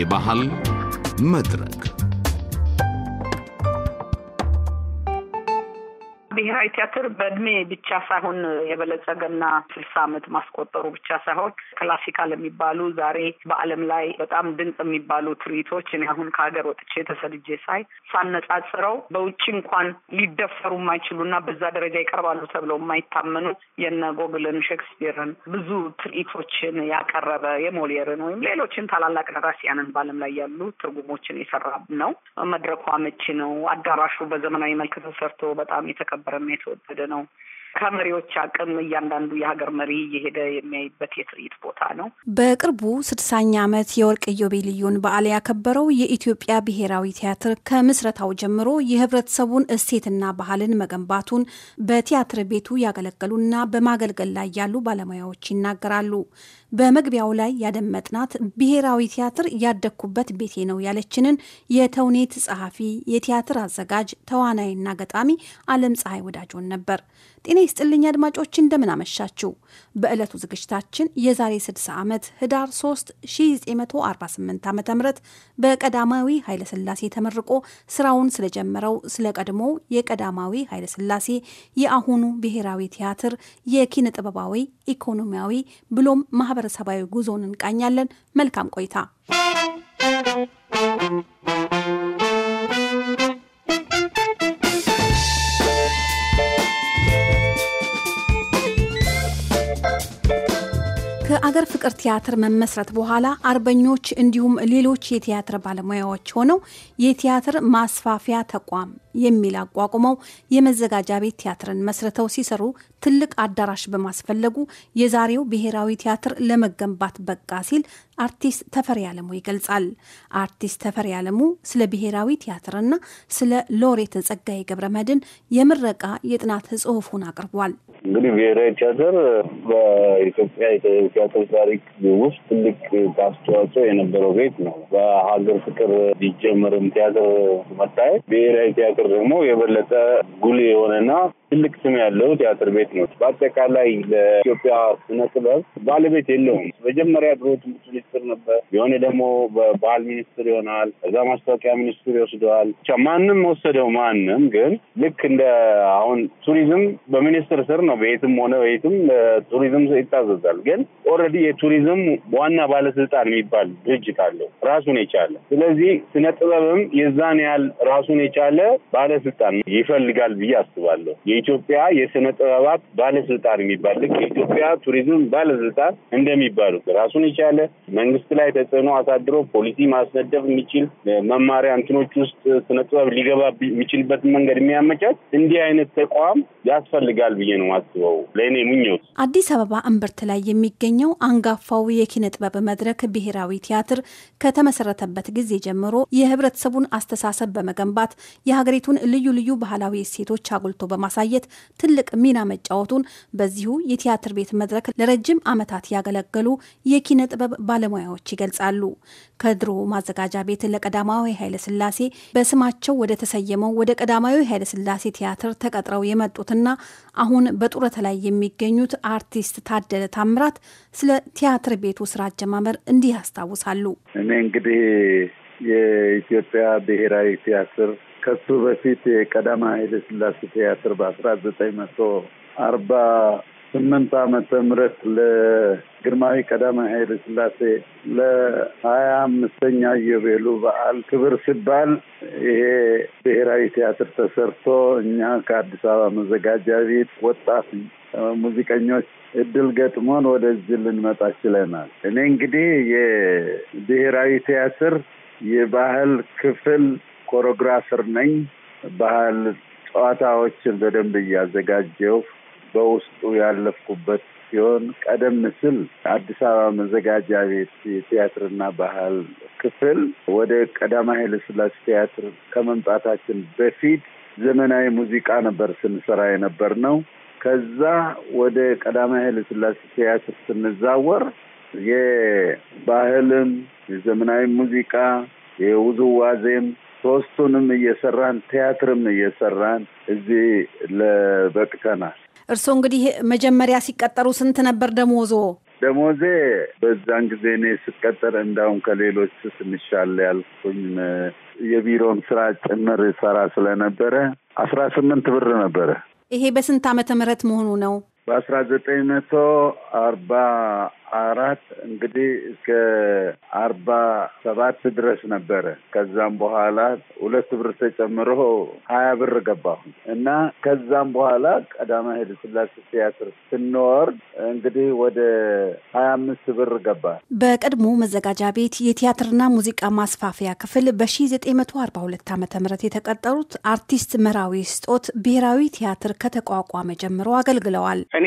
የባህል መድረክ ብሔራዊ ቲያትር በእድሜ ብቻ ሳይሆን የበለጸገና ስልሳ ዓመት ማስቆጠሩ ብቻ ሳይሆን ክላሲካል የሚባሉ ዛሬ በዓለም ላይ በጣም ድንቅ የሚባሉ ትርኢቶች እኔ አሁን ከሀገር ወጥቼ ተሰድጄ ሳይ ሳነጻጽረው በውጭ እንኳን ሊደፈሩ የማይችሉና በዛ ደረጃ ይቀርባሉ ተብለው የማይታመኑ የነ ጎግልን፣ ሼክስፒርን ብዙ ትርኢቶችን ያቀረበ የሞሊየርን ወይም ሌሎችን ታላላቅ ደራሲያንን በዓለም ላይ ያሉ ትርጉሞችን የሰራ ነው። መድረኩ አመቺ ነው። አዳራሹ በዘመናዊ መልክ ተሰርቶ በጣም የተከበ ነበረና የተወደደ ነው። ከመሪዎች አቅም እያንዳንዱ የሀገር መሪ እየሄደ የሚያይበት የትርኢት ቦታ ነው። በቅርቡ ስድሳኛ ዓመት የወርቅ ኢዮቤልዩን በዓል ያከበረው የኢትዮጵያ ብሔራዊ ቲያትር ከምስረታው ጀምሮ የህብረተሰቡን እሴትና ባህልን መገንባቱን በቲያትር ቤቱ ያገለገሉና በማገልገል ላይ ያሉ ባለሙያዎች ይናገራሉ። በመግቢያው ላይ ያደመጥናት ብሔራዊ ቲያትር ያደግኩበት ቤቴ ነው ያለችንን የተውኔት ጸሐፊ፣ የቲያትር አዘጋጅ፣ ተዋናይና ገጣሚ አለም ፀሐይ ወዳጆን ነበር። ጤና ይስጥልኝ አድማጮች፣ እንደምን አመሻችው። በዕለቱ ዝግጅታችን የዛሬ 60 ዓመት ህዳር 3 1948 ዓ ም በቀዳማዊ ኃይለሥላሴ ተመርቆ ስራውን ስለጀመረው ስለ ቀድሞ የቀዳማዊ ኃይለሥላሴ የአሁኑ ብሔራዊ ቲያትር የኪነ ጥበባዊ ኢኮኖሚያዊ ብሎም ማህበረ ማህበረሰባዊ ጉዞን እንቃኛለን። መልካም ቆይታ የፍቅር ቲያትር መመስረት በኋላ አርበኞች እንዲሁም ሌሎች የቲያትር ባለሙያዎች ሆነው የቲያትር ማስፋፊያ ተቋም የሚል አቋቁመው የመዘጋጃ ቤት ቲያትርን መስርተው ሲሰሩ ትልቅ አዳራሽ በማስፈለጉ የዛሬው ብሔራዊ ቲያትር ለመገንባት በቃ ሲል አርቲስት ተፈሪ አለሙ ይገልጻል። አርቲስት ተፈሪ አለሙ ስለ ብሔራዊ ቲያትርና ስለ ሎሬት ጸጋዬ ገብረ መድን የምረቃ የጥናት ጽሑፉን አቅርቧል። እንግዲህ ብሔራዊ ቲያትር በኢትዮጵያ ቲያትር ታሪክ ውስጥ ትልቅ አስተዋጽኦ የነበረው ቤት ነው። በሀገር ፍቅር ቢጀምርም ቲያትር መታየት ብሔራዊ ቲያትር ደግሞ የበለጠ ጉል የሆነና ትልቅ ስም ያለው ቲያትር ቤት ነው። በአጠቃላይ ለኢትዮጵያ ስነ ጥበብ ባለቤት የለውም። መጀመሪያ ድሮ ትምህርት ሚኒስትር ነበር፣ የሆነ ደግሞ በባህል ሚኒስትር ይሆናል፣ እዛ ማስታወቂያ ሚኒስትር ይወስደዋል። ብቻ ማንም ወሰደው ማንም። ግን ልክ እንደ አሁን ቱሪዝም በሚኒስትር ስር ነው። በየትም ሆነ በየትም ቱሪዝም ይታዘዛል። ግን ኦልሬዲ የቱሪዝም ዋና ባለስልጣን የሚባል ድርጅት አለው ራሱን የቻለ። ስለዚህ ስነ ጥበብም የዛን ያህል ራሱን የቻለ ባለስልጣን ይፈልጋል ብዬ አስባለሁ። የኢትዮጵያ የስነ ጥበባት ባለስልጣን የሚባል ልክ የኢትዮጵያ ቱሪዝም ባለስልጣን እንደሚባሉት ራሱን የቻለ መንግስት ላይ ተጽዕኖ አሳድሮ ፖሊሲ ማስነደፍ የሚችል መማሪያ እንትኖች ውስጥ ስነ ጥበብ ሊገባ የሚችልበትን መንገድ የሚያመቻት እንዲህ አይነት ተቋም ያስፈልጋል ብዬ ነው አስበው። ለእኔ ምኞት አዲስ አበባ እምብርት ላይ የሚገኘው አንጋፋው የኪነ ጥበብ መድረክ ብሔራዊ ቲያትር ከተመሰረተበት ጊዜ ጀምሮ የህብረተሰቡን አስተሳሰብ በመገንባት የሀገሪቱን ልዩ ልዩ ባህላዊ እሴቶች አጉልቶ በማሳየት ለማሳየት ትልቅ ሚና መጫወቱን በዚሁ የቲያትር ቤት መድረክ ለረጅም ዓመታት ያገለገሉ የኪነ ጥበብ ባለሙያዎች ይገልጻሉ። ከድሮ ማዘጋጃ ቤት ለቀዳማዊ ኃይለስላሴ በስማቸው ወደ ተሰየመው ወደ ቀዳማዊ ኃይለስላሴ ቲያትር ተቀጥረው የመጡትና አሁን በጡረታ ላይ የሚገኙት አርቲስት ታደለ ታምራት ስለ ቲያትር ቤቱ ስራ አጀማመር እንዲህ ያስታውሳሉ። እኔ እንግዲህ የኢትዮጵያ ብሔራዊ ቲያትር ከሱ በፊት የቀዳማ ኃይለ ስላሴ ቲያትር በአስራ ዘጠኝ መቶ አርባ ስምንት አመተ ምህረት ለግርማዊ ቀዳማ ኃይለ ስላሴ ለሀያ አምስተኛ የቤሉ በዓል ክብር ሲባል ይሄ ብሔራዊ ቲያትር ተሰርቶ እኛ ከአዲስ አበባ መዘጋጃ ቤት ወጣት ሙዚቀኞች እድል ገጥሞን ወደዚህ ልንመጣ ችለናል። እኔ እንግዲህ የብሔራዊ ቲያትር የባህል ክፍል ኮሪዮግራፈር ነኝ። ባህል ጨዋታዎችን በደንብ እያዘጋጀው በውስጡ ያለፍኩበት ሲሆን ቀደም ሲል አዲስ አበባ መዘጋጃ ቤት የቲያትርና ባህል ክፍል ወደ ቀዳማዊ ኃይለ ሥላሴ ቲያትር ከመምጣታችን በፊት ዘመናዊ ሙዚቃ ነበር ስንሰራ የነበር ነው። ከዛ ወደ ቀዳማዊ ኃይለ ሥላሴ ቲያትር ስንዛወር የባህልም የዘመናዊ ሙዚቃ የውዝዋዜም ሶስቱንም እየሰራን ቲያትርም እየሰራን እዚህ ለበቅተናል። እርስዎ እንግዲህ መጀመሪያ ሲቀጠሩ ስንት ነበር ደሞዞ? ደሞዜ በዛን ጊዜ እኔ ስቀጠር እንዳውም ከሌሎች ስንሻል ያልኩኝ የቢሮም ስራ ጭምር ሰራ ስለነበረ አስራ ስምንት ብር ነበረ። ይሄ በስንት ዓመተ ምህረት መሆኑ ነው? በአስራ ዘጠኝ መቶ አርባ አራት እንግዲህ እስከ አርባ ሰባት ድረስ ነበረ። ከዛም በኋላ ሁለት ብር ተጨምሮ ሀያ ብር ገባሁ እና ከዛም በኋላ ቀዳማዊ ኃይለ ሥላሴ ቲያትር ስንወርድ እንግዲህ ወደ ሀያ አምስት ብር ገባ። በቀድሞ መዘጋጃ ቤት የቲያትርና ሙዚቃ ማስፋፊያ ክፍል በ ሁለት ዓ ም የተቀጠሩት አርቲስት መራዊ ስጦት ብሔራዊ ቲያትር ከተቋቋመ ጀምሮ አገልግለዋል። እኔ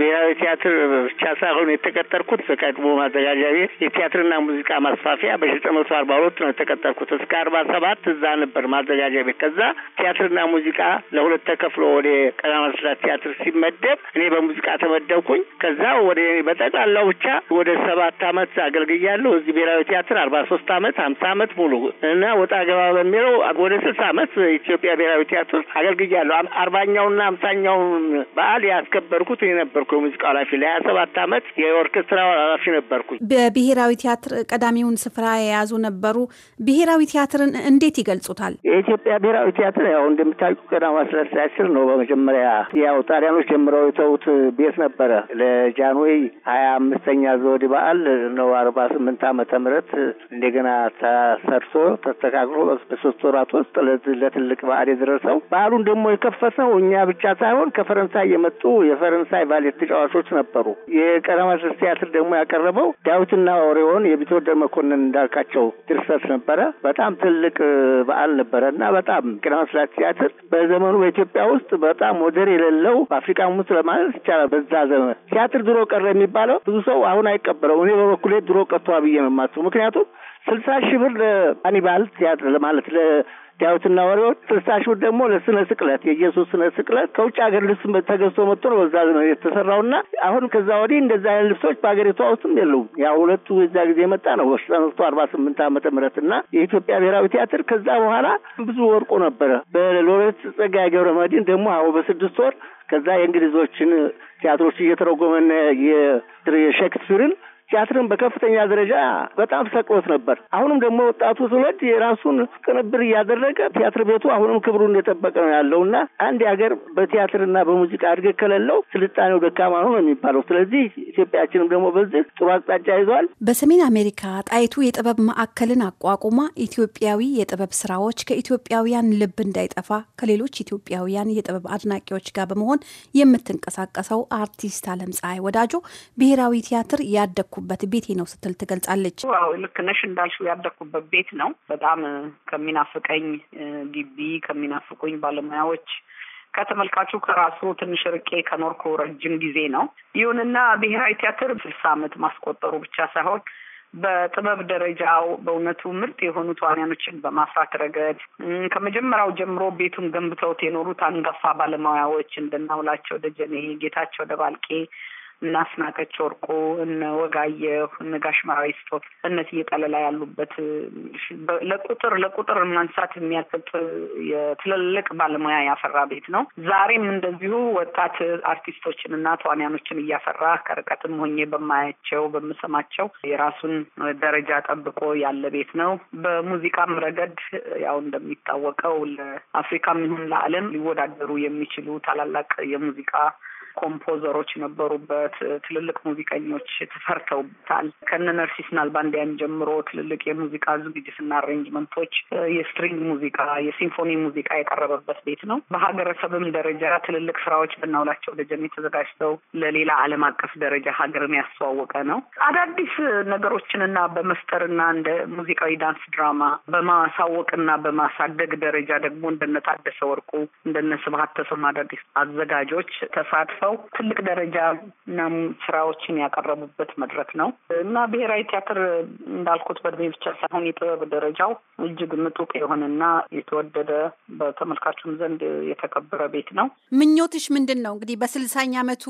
ብሔራዊ ቲያትር ብቻ ሳይሆን የተቀጠ የተቀጠርኩት በቀድሞ ማዘጋጃ ቤት የቲያትርና ሙዚቃ ማስፋፊያ በሺህ መቶ አርባ ሁለት ነው የተቀጠርኩት። እስከ አርባ ሰባት እዛ ነበር ማዘጋጃ ቤት። ከዛ ቲያትርና ሙዚቃ ለሁለት ተከፍሎ ወደ ቀዳማዊ ሥላሴ ቲያትር ሲመደብ እኔ በሙዚቃ ተመደብኩኝ። ከዛ ወደ በጠቅላላው ብቻ ወደ ሰባት አመት አገልግያለሁ። እዚህ ብሔራዊ ቲያትር አርባ ሶስት አመት ሀምሳ አመት ሙሉ እና ወጣ ገባ በሚለው ወደ ስልሳ አመት ኢትዮጵያ ብሔራዊ ቲያትር አገልግያለሁ። አርባኛውና ሀምሳኛውን በዓል ያስከበርኩት እኔ ነበርኩ የሙዚቃ ኃላፊ ለሀያ ሰባት አመት የወርክ ስራ ኃላፊ ነበርኩኝ። በብሔራዊ ቲያትር ቀዳሚውን ስፍራ የያዙ ነበሩ። ብሔራዊ ቲያትርን እንዴት ይገልጹታል? የኢትዮጵያ ብሔራዊ ቲያትር ያው እንደምታውቁ ቀዳማዊ ኃይለ ሥላሴ ነው። በመጀመሪያ ያው ጣሊያኖች ጀምረው የተዉት ቤት ነበረ። ለጃንሆይ ሀያ አምስተኛ ዘወዲ በዓል ነው አርባ ስምንት ዓመተ ምህረት እንደገና ተሰርቶ ተስተካክሎ በሶስት ወራት ውስጥ ለትልቅ በዓል የደረሰው በዓሉን ደግሞ የከፈተው እኛ ብቻ ሳይሆን ከፈረንሳይ የመጡ የፈረንሳይ ባሌት ተጫዋቾች ነበሩ። የቀዳማዊ ኃይለ ሥላሴ ቲያትር ደግሞ ያቀረበው ዳዊትና ኦሪዮን የቢትወደድ መኮንን እንዳልካቸው ድርሰት ነበረ። በጣም ትልቅ በዓል ነበረ እና በጣም ቀዳማዊ ሥላሴ ቲያትር በዘመኑ በኢትዮጵያ ውስጥ በጣም ወደር የሌለው በአፍሪካ ውስጥ ለማለት ይቻላል። በዛ ዘመን ቲያትር ድሮ ቀረ የሚባለው ብዙ ሰው አሁን አይቀበለው። እኔ በበኩሌ ድሮ ቀጥቷ ብዬ ነው የማስበው። ምክንያቱም ስልሳ ሺህ ብር ለአኒባል ቲያትር ማለት ዳዊትና ወሬዎች፣ ስልሳ ሺህ ብር ደግሞ ለስነ ስቅለት የኢየሱስ ስነ ስቅለት ከውጭ ሀገር ልብስ ተገዝቶ መጥቶ ነው በዛ ነው የተሰራውና አሁን ከዛ ወዲህ እንደዛ አይነት ልብሶች በሀገሪቷ ውስጥም የሉም። ያ ሁለቱ የዛ ጊዜ የመጣ ነው በሺህ መቶ አርባ ስምንት አመተ ምህረት እና የኢትዮጵያ ብሔራዊ ቲያትር ከዛ በኋላ ብዙ ወርቆ ነበረ። በሎሬት ጸጋዬ ገብረ መድኅን ደግሞ አሁ በስድስት ወር ከዛ የእንግሊዞችን ቲያትሮች እየተረጎመን የሼክስፒርን ቲያትርን በከፍተኛ ደረጃ በጣም ሰቅሎት ነበር። አሁንም ደግሞ ወጣቱ ትውልድ የራሱን ቅንብር እያደረገ ቲያትር ቤቱ አሁንም ክብሩ እንደጠበቀ ነው ያለው እና አንድ ሀገር በቲያትርና በሙዚቃ እድገት ከሌለው ስልጣኔው ደካማ ነው የሚባለው። ስለዚህ ኢትዮጵያችንም ደግሞ በዚህ ጥሩ አቅጣጫ ይዟል። በሰሜን አሜሪካ ጣይቱ የጥበብ ማዕከልን አቋቁማ ኢትዮጵያዊ የጥበብ ስራዎች ከኢትዮጵያውያን ልብ እንዳይጠፋ ከሌሎች ኢትዮጵያውያን የጥበብ አድናቂዎች ጋር በመሆን የምትንቀሳቀሰው አርቲስት አለም ፀሐይ ወዳጆ ብሔራዊ ቲያትር ያደኩ ያደግኩበት ቤቴ ነው ስትል ትገልጻለች። ልክ ነሽ እንዳልሽው ያደግኩበት ቤት ነው። በጣም ከሚናፍቀኝ ግቢ፣ ከሚናፍቁኝ ባለሙያዎች ከተመልካቹ ከራሱ ትንሽ ርቄ ከኖርኩ ረጅም ጊዜ ነው። ይሁንና ብሔራዊ ቲያትር ስልሳ ዓመት ማስቆጠሩ ብቻ ሳይሆን በጥበብ ደረጃው በእውነቱ ምርጥ የሆኑ ተዋንያኖችን በማፍራት ረገድ ከመጀመሪያው ጀምሮ ቤቱን ገንብተውት የኖሩት አንጋፋ ባለሙያዎች እንደናውላቸው ደጀኔ፣ ጌታቸው ደባልቄ እነ አስናቀች ወርቁ፣ እነ ወጋየሁ፣ እነ ጋሽማዊ ጠለላ ያሉበት ለቁጥር ለቁጥር ማንሳት የሚያሰጥ የትልልቅ ባለሙያ ያፈራ ቤት ነው። ዛሬም እንደዚሁ ወጣት አርቲስቶችን እና ተዋንያኖችን እያፈራ ከርቀትም ሆኜ በማያቸው በምሰማቸው የራሱን ደረጃ ጠብቆ ያለ ቤት ነው። በሙዚቃም ረገድ ያው እንደሚታወቀው ለአፍሪካም ይሁን ለዓለም ሊወዳደሩ የሚችሉ ታላላቅ የሙዚቃ ኮምፖዘሮች ነበሩበት። ትልልቅ ሙዚቀኞች ተሰርተውበታል። ከነ ነርሲስ ናልባንዲያን ጀምሮ ትልልቅ የሙዚቃ ዝግጅትና አሬንጅመንቶች፣ የስትሪንግ ሙዚቃ፣ የሲምፎኒ ሙዚቃ የቀረበበት ቤት ነው። በሀገረሰብም ደረጃ ትልልቅ ስራዎች በናውላቸው ደጀኔ ተዘጋጅተው ለሌላ ዓለም አቀፍ ደረጃ ሀገርን ያስተዋወቀ ነው። አዳዲስ ነገሮችንና በመፍጠርና እንደ ሙዚቃዊ ዳንስ ድራማ በማሳወቅና በማሳደግ ደረጃ ደግሞ እንደነ ታደሰ ወርቁ እንደነ ስብሀት ተሰማ አዳዲስ አዘጋጆች ተሳትፈ ተሳትፈው ትልቅ ደረጃ እና ስራዎችን ያቀረቡበት መድረክ ነው እና ብሔራዊ ቲያትር እንዳልኩት በእድሜ ብቻ ሳይሆን የጥበብ ደረጃው እጅግ ምጡቅ የሆነና የተወደደ በተመልካቹም ዘንድ የተከበረ ቤት ነው። ምኞትሽ ምንድን ነው? እንግዲህ በስልሳኛ አመቱ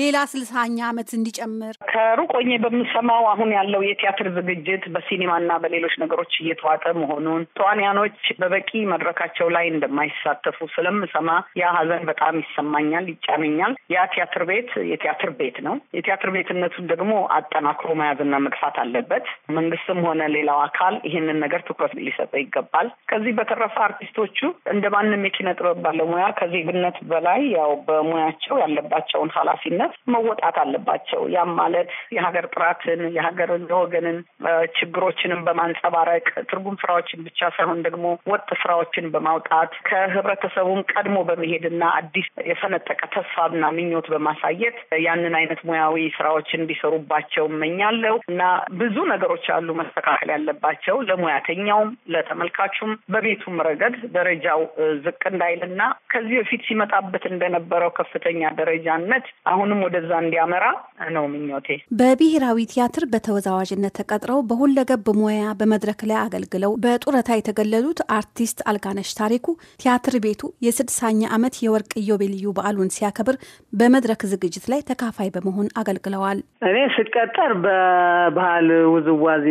ሌላ ስልሳኛ አመት እንዲጨምር ከሩቅ ሆኜ በምሰማው አሁን ያለው የቲያትር ዝግጅት በሲኒማና በሌሎች ነገሮች እየተዋጠ መሆኑን ተዋንያኖች በበቂ መድረካቸው ላይ እንደማይሳተፉ ስለምሰማ ያ ሀዘን በጣም ይሰማኛል፣ ይጫነኛል። ያ ቲያትር ቤት የቲያትር ቤት ነው። የቲያትር ቤትነቱን ደግሞ አጠናክሮ መያዝና መግፋት አለበት። መንግስትም ሆነ ሌላው አካል ይህንን ነገር ትኩረት ሊሰጠው ይገባል። ከዚህ በተረፈ አርቲስቶቹ እንደ ማንም የኪነ ጥበብ ባለሙያ ከዜግነት በላይ ያው በሙያቸው ያለባቸውን ኃላፊነት መወጣት አለባቸው። ያም ማለት የሀገር ጥራትን የሀገርን የወገንን ችግሮችንም በማንጸባረቅ ትርጉም ስራዎችን ብቻ ሳይሆን ደግሞ ወጥ ስራዎችን በማውጣት ከህብረተሰቡም ቀድሞ በመሄድና አዲስ የፈነጠቀ ተስፋና ምኞት በማሳየት ያንን አይነት ሙያዊ ስራዎች እንዲሰሩባቸው እመኛለሁ እና ብዙ ነገሮች አሉ መስተካከል ያለባቸው ለሙያተኛውም፣ ለተመልካቹም በቤቱም ረገድ ደረጃው ዝቅ እንዳይልና ከዚህ በፊት ሲመጣበት እንደነበረው ከፍተኛ ደረጃነት አሁንም ወደዛ እንዲያመራ ነው ምኞቴ። በብሔራዊ ቲያትር በተወዛዋዥነት ተቀጥረው በሁለገብ ሙያ በመድረክ ላይ አገልግለው በጡረታ የተገለሉት አርቲስት አልጋነሽ ታሪኩ ቲያትር ቤቱ የስድሳኛ ዓመት የወርቅ ኢዮቤልዩ በዓሉን ሲያከብር በመድረክ ዝግጅት ላይ ተካፋይ በመሆን አገልግለዋል። እኔ ስቀጠር በባህል ውዝዋዜ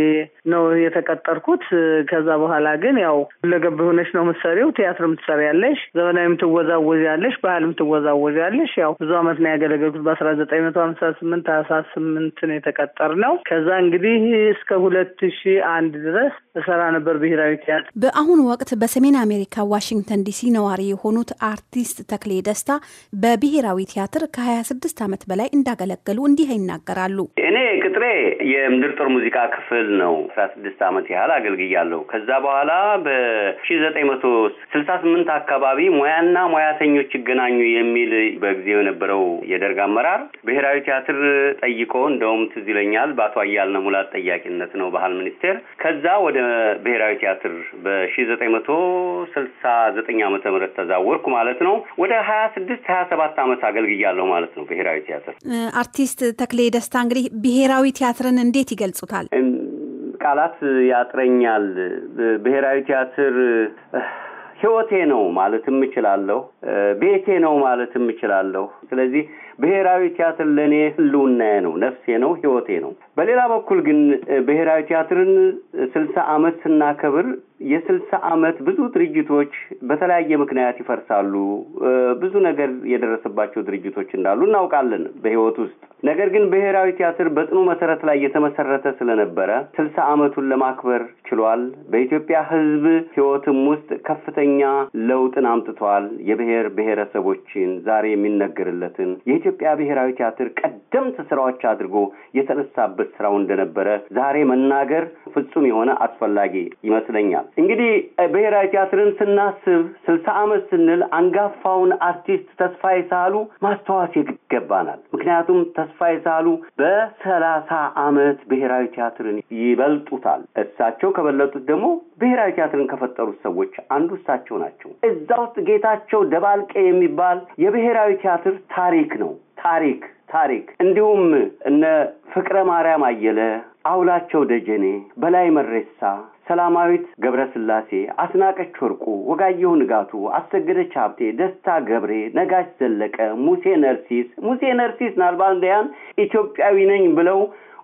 ነው የተቀጠርኩት። ከዛ በኋላ ግን ያው ሁለገብ ሆነች ነው የምትሰሪው። ቲያትርም ትሰሪያለሽ፣ ዘመናዊም ትወዛወዣለሽ፣ ባህልም ትወዛወዣለሽ። ያው ብዙ አመት ነው ያገለገልኩት። በአስራ ዘጠኝ መቶ ሀምሳ ስምንት ሀምሳ ስምንት ነው የተቀጠር ነው። ከዛ እንግዲህ እስከ ሁለት ሺህ አንድ ድረስ እሰራ ነበር ብሔራዊ ቲያትር። በአሁኑ ወቅት በሰሜን አሜሪካ ዋሽንግተን ዲሲ ነዋሪ የሆኑት አርቲስት ተክሌ ደስታ በብሔራዊ ቲያትር ከሀያ ስድስት ዓመት በላይ እንዳገለገሉ እንዲህ ይናገራሉ። እኔ ቅጥሬ የምድር ጦር ሙዚቃ ክፍል ነው። አስራ ስድስት ዓመት ያህል አገልግያለሁ። ከዛ በኋላ በሺ ዘጠኝ መቶ ስልሳ ስምንት አካባቢ ሙያና ሙያተኞች ይገናኙ የሚል በጊዜው የነበረው የደርግ አመራር ብሔራዊ ቲያትር ጠይቆ እንደውም ትዝ ይለኛል በአቶ አያልነህ ሙላት ጠያቂነት ነው ባህል ሚኒስቴር ከዛ ወደ ብሔራዊ ቲያትር በሺ ዘጠኝ መቶ ስልሳ ዘጠኝ ምህረት ተዛወርኩ ማለት ነው። ወደ ሀያ ስድስት ሀያ ሰባት ዓመት አገልግያለሁ ማለት ነው ብሔራዊ ቲያትር። አርቲስት ተክሌ ደስታ እንግዲህ ብሔራዊ ቲያትርን እንዴት ይገልጹታል? ቃላት ያጥረኛል። ብሔራዊ ቲያትር ህይወቴ ነው ማለትም እችላለሁ። ቤቴ ነው ማለትም እችላለሁ። ስለዚህ ብሔራዊ ቲያትር ለእኔ ህልውናዬ ነው፣ ነፍሴ ነው፣ ህይወቴ ነው። በሌላ በኩል ግን ብሔራዊ ቲያትርን ስልሳ አመት ስናከብር የስልሳ አመት ብዙ ድርጅቶች በተለያየ ምክንያት ይፈርሳሉ። ብዙ ነገር የደረሰባቸው ድርጅቶች እንዳሉ እናውቃለን በህይወት ውስጥ ነገር ግን ብሔራዊ ቲያትር በጥኑ መሰረት ላይ የተመሰረተ ስለነበረ ስልሳ ዓመቱን ለማክበር ችሏል። በኢትዮጵያ ሕዝብ ሕይወትም ውስጥ ከፍተኛ ለውጥን አምጥቷል። የብሔር ብሔረሰቦችን ዛሬ የሚነገርለትን የኢትዮጵያ ብሔራዊ ቲያትር ቀደምት ስራዎች አድርጎ የተነሳበት ስራው እንደነበረ ዛሬ መናገር ፍጹም የሆነ አስፈላጊ ይመስለኛል። እንግዲህ ብሔራዊ ቲያትርን ስናስብ ስልሳ ዓመት ስንል አንጋፋውን አርቲስት ተስፋዬ ሳህሉ ማስታወስ ይገባናል። ምክንያቱም ተስፋ የሳሉ በሰላሳ አመት ብሔራዊ ቲያትርን ይበልጡታል። እሳቸው ከበለጡት ደግሞ ብሔራዊ ቲያትርን ከፈጠሩት ሰዎች አንዱ እሳቸው ናቸው። እዛ ውስጥ ጌታቸው ደባልቄ የሚባል የብሔራዊ ቲያትር ታሪክ ነው ታሪክ ታሪክ እንዲሁም እነ ፍቅረ ማርያም አየለ፣ አውላቸው ደጀኔ፣ በላይ መሬሳ ሰላማዊት ገብረስላሴ፣ አስናቀች ወርቁ፣ ወጋየሁ ንጋቱ፣ አሰገደች ሀብቴ፣ ደስታ ገብሬ፣ ነጋሽ ዘለቀ፣ ሙሴ ነርሲስ ሙሴ ነርሲስ ናልባንዲያን ኢትዮጵያዊ ነኝ ብለው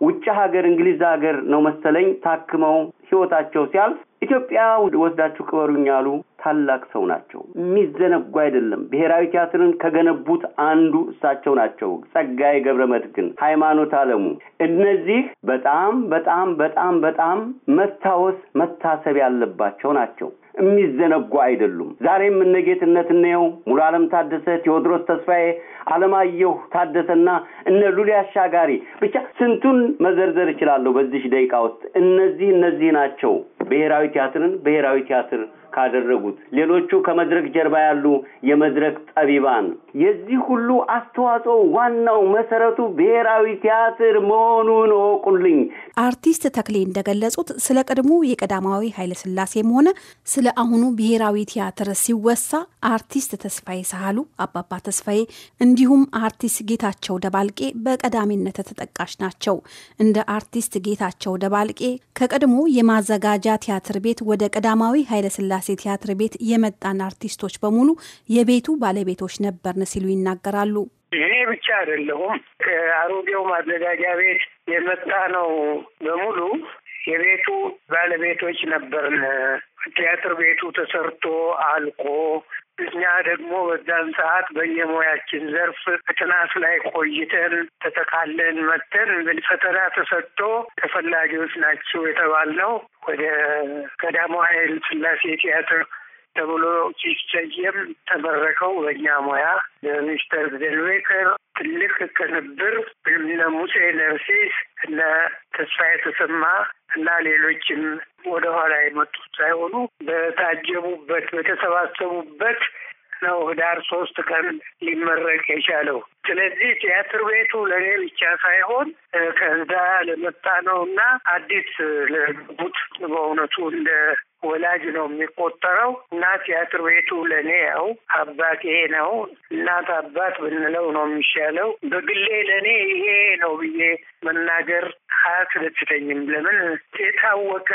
ውጭ ሀገር እንግሊዝ ሀገር ነው መሰለኝ ታክመው ህይወታቸው ሲያልፍ ኢትዮጵያ ወስዳችሁ ቅበሩኝ ያሉ ታላቅ ሰው ናቸው። የሚዘነጉ አይደለም። ብሔራዊ ቲያትርን ከገነቡት አንዱ እሳቸው ናቸው። ጸጋዬ ገብረ መድኅን፣ ሃይማኖት አለሙ፣ እነዚህ በጣም በጣም በጣም በጣም መታወስ መታሰብ ያለባቸው ናቸው። የሚዘነጉ አይደሉም። ዛሬም እነ ጌትነት እንየው፣ ሙሉ አለም ታደሰ፣ ቴዎድሮስ ተስፋዬ፣ አለማየሁ ታደሰና እነ ሉሊ አሻጋሪ ብቻ ስንቱን መዘርዘር እችላለሁ በዚህ ደቂቃ ውስጥ። እነዚህ እነዚህ ናቸው ብሔራዊ ቲያትርን ብሔራዊ ቲያትር ካደረጉት ሌሎቹ ከመድረክ ጀርባ ያሉ የመድረክ ጠቢባን። የዚህ ሁሉ አስተዋጽኦ ዋናው መሰረቱ ብሔራዊ ቲያትር መሆኑን እወቁልኝ። አርቲስት ተክሌ እንደገለጹት ስለ ቀድሞ የቀዳማዊ ኃይለሥላሴም ሆነ ስለ አሁኑ ብሔራዊ ቲያትር ሲወሳ አርቲስት ተስፋዬ ሳህሉ፣ አባባ ተስፋዬ እንዲሁም አርቲስት ጌታቸው ደባልቄ በቀዳሚነት ተጠቃሽ ናቸው። እንደ አርቲስት ጌታቸው ደባልቄ ከቀድሞ የማዘጋጃ ቲያትር ቤት ወደ ቀዳማዊ ኃይለሥላሴ የቅዳሴ ቲያትር ቤት የመጣን አርቲስቶች በሙሉ የቤቱ ባለቤቶች ነበርን ሲሉ ይናገራሉ። እኔ ብቻ አይደለሁም። ከአሮጌው ማዘጋጃ ቤት የመጣ ነው በሙሉ የቤቱ ባለቤቶች ነበርን። ቲያትር ቤቱ ተሰርቶ አልቆ እኛ ደግሞ በዛን ሰዓት በየሙያችን ዘርፍ ጥናት ላይ ቆይተን ተጠቃለን መተን እንግዲህ ፈተና ተሰጥቶ ተፈላጊዎች ናቸው የተባልነው ወደ ቀዳማዊ ኃይለ ሥላሴ ቲያትር ተብሎ ሲሰየም ተመረቀው። በእኛ ሙያ ለሚስተር ደልዌከር ትልቅ ቅንብር ለሙሴ ሙሴ ነርሲስ ለተስፋዬ ተሰማ የተሰማ እና ሌሎችም ወደኋላ የመጡት ሳይሆኑ በታጀቡበት በተሰባሰቡበት ነው ህዳር ሶስት ቀን ሊመረቅ የቻለው። ስለዚህ ቲያትር ቤቱ ለእኔ ብቻ ሳይሆን ከዛ ለመጣ ነው እና አዲስ ለገቡት በእውነቱ እንደ ወላጅ ነው የሚቆጠረው። እናት የአጥር ቤቱ ለእኔ ያው አባቴ ነው። እናት አባት ብንለው ነው የሚሻለው። በግሌ ለእኔ ይሄ ነው ብዬ መናገር አያስደስተኝም። ለምን የታወቀ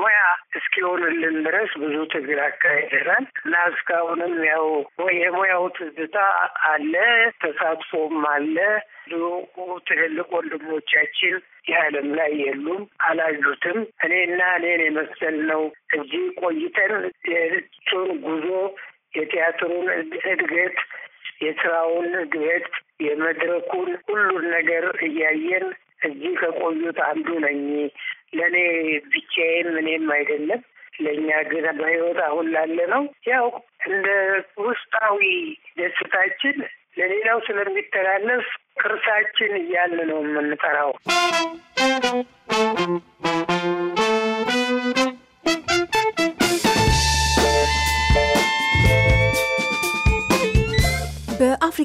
ሙያ እስኪሆንልን ድረስ ብዙ ትግል አካሄደናል እና እስካሁንም ያው የሙያው ትዝታ አለ፣ ተሳትፎም አለ። ብዙ ትልልቅ ወንድሞቻችን የዓለም ላይ የሉም፣ አላዩትም። እኔና እኔን ነው እዚህ ቆይተን የእሱን ጉዞ የቲያትሩን እድገት የስራውን እድገት የመድረኩን ሁሉን ነገር እያየን እዚህ ከቆዩት አንዱ ነኝ። ለእኔ ብቻዬን ምንም አይደለም። ለእኛ ግን በህይወት አሁን ላለ ነው ያው እንደ ውስጣዊ ደስታችን ለሌላው ስለሚተላለፍ ቅርሳችን እያለ ነው የምንጠራው።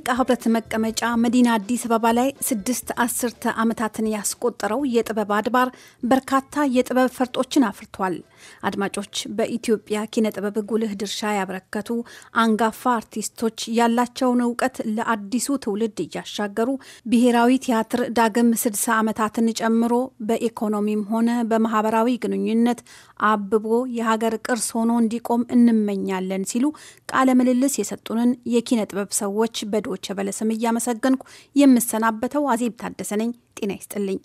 የአፍሪቃ ህብረት መቀመጫ መዲና አዲስ አበባ ላይ ስድስት አስርተ ዓመታትን ያስቆጠረው የጥበብ አድባር በርካታ የጥበብ ፈርጦችን አፍርቷል። አድማጮች፣ በኢትዮጵያ ኪነ ጥበብ ጉልህ ድርሻ ያበረከቱ አንጋፋ አርቲስቶች ያላቸውን እውቀት ለአዲሱ ትውልድ እያሻገሩ ብሔራዊ ቲያትር ዳግም ስድሳ ዓመታትን ጨምሮ በኢኮኖሚም ሆነ በማህበራዊ ግንኙነት አብቦ የሀገር ቅርስ ሆኖ እንዲቆም እንመኛለን ሲሉ ቃለ ምልልስ የሰጡንን የኪነ ጥበብ ሰዎች በዶቸ በለ ስም እያመሰገንኩ የምሰናበተው አዜብ ታደሰ ነኝ። ጤና ይስጥልኝ።